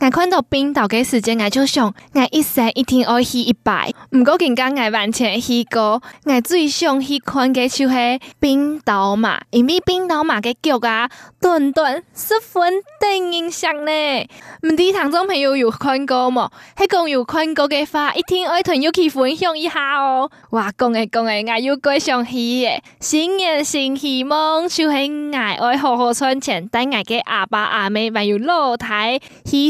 我看到冰島的時間，我就想，我一生一定愛去一擺。唔過近講我完全去過，我最想去看嘅就係冰島嘛，因為冰島馬嘅腳啊，短短十分等印象呢。唔知聽眾朋友有看過麼？一共有看過的話，一定愛囤分享一下哦、喔。哇，講誒講誒，我要改上誒。新年新希望，就係愛愛好好賺錢，帶我嘅阿爸阿媽還有老太去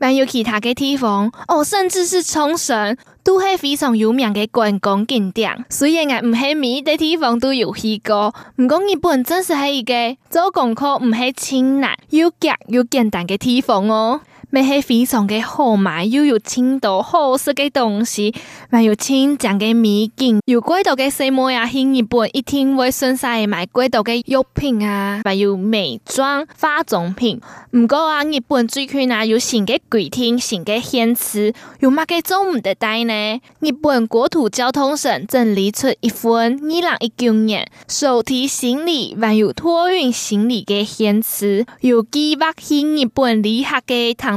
還有其他嘅地方，哦，甚至是沖繩，都係非常有名嘅觀光景點。雖然我唔係每一個地方都有去過，不過日本，真是係一個做功課唔係輕難、又夾又簡單嘅地方哦。買起非常嘅好買，又有，有青島好食嘅東西，還有千種嘅美景，有好多嘅細妹啊，去日本一天會順晒買好多嘅藥品啊，還有美妝化妝品。唔過啊，日本最近啊，有新嘅規定，新嘅限制，有乜嘅做唔得帶呢？日本國土交通省整理出一份二零一九年手提行李，還有託運行李嘅限制，有計劃去日本旅客嘅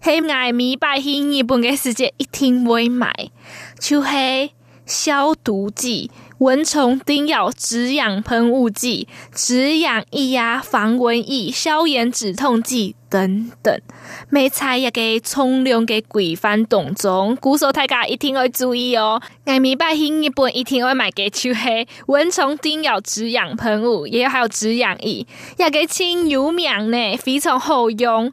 黑咪米拜黑一本嘅世界一天會買，就係消毒劑、蚊蟲叮咬止癢噴霧劑、止癢液啊，防蚊液、消炎止痛劑等等。每采一個沖涼嘅幾番動作，估數大家一定會注意哦。黑米拜黑一本一天會買嘅就係蚊蟲叮咬止癢噴霧，也還有止癢液，一個清油妙呢，非常好用。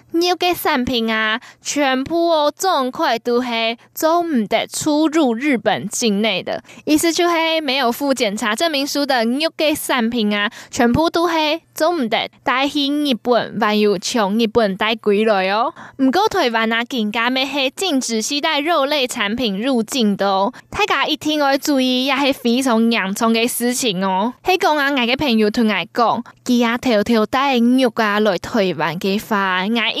肉嘅產品啊，全部哦，總塊都係總唔得出入日本境內的，意思就係沒有附檢查證明書的肉嘅產品啊，全部都係總唔得帶去日本，還有從日本帶回來哦。唔過台灣啊，更加咪係禁止攜帶肉類產品入境的哦。大家一定要注意也係非常嚴重嘅事情哦。嘿，講啊，我嘅朋友同我講，佢阿偷偷帶肉啊來台灣嘅話，我。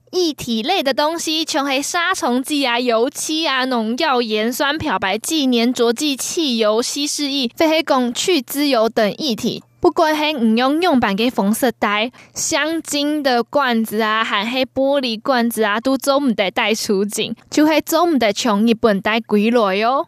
液體類的東西，全係殺蟲劑啊、油漆啊、農藥、鹽、鹽酸、漂白劑、粘着劑、汽油、稀釋液、廢黑汞、去漬油等液體。不管係唔用用板給封色袋、香精的罐子啊、含黑玻璃罐子啊，都做唔得帶出境，就係做唔得從日本帶歸來喲。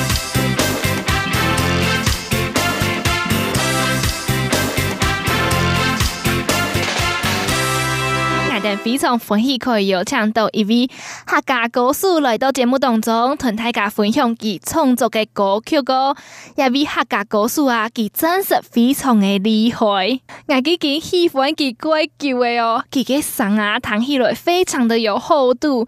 但非常歡喜可以邀請到一位客家歌手來到節目當中，同大家分享其創作嘅歌曲歌。那位客家歌手啊，佢真是非常嘅厲害，我已經喜歡佢乖叫嘅哦，佢嘅嗓啊，聽起來非常的有厚度。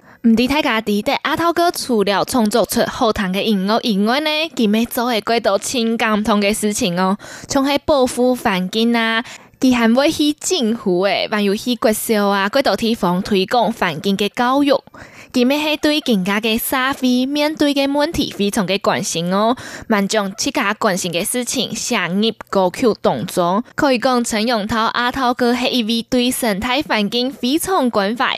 唔，第睇家啲，但阿濤哥除了創作出好聽的音樂，以外呢，佢每周會搞到千噉唔同嘅事情哦、喔。從喺保護環境啊，佢還會去政府誒，還有去國小啊，嗰度地方推廣環境的教育。佢咩係對更加的社會面對的問題非常嘅關心哦、喔。還將自家關心的事情寫入歌曲當中，可以講陳永濤阿濤哥係一位對生態環境非常關懷。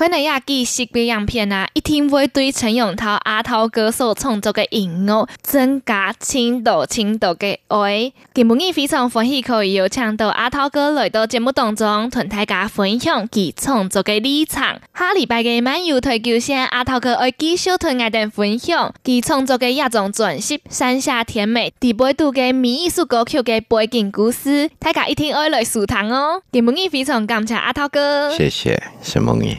看日呀記新片影片啊，一定會對陳永濤阿濤哥所創作嘅音樂增加更多更多嘅愛。金夢怡非常歡喜可以有請到阿濤哥來到節目當中，同大家分享伊創作嘅歷程。下禮拜嘅漫遊台球星阿濤哥會繼續同大家分享伊創作嘅亞種詮釋，山下甜美》第八度嘅民藝術歌曲嘅背景故事，大家一定要來試聽哦。金夢怡非常感謝阿濤哥，謝謝，謝夢怡。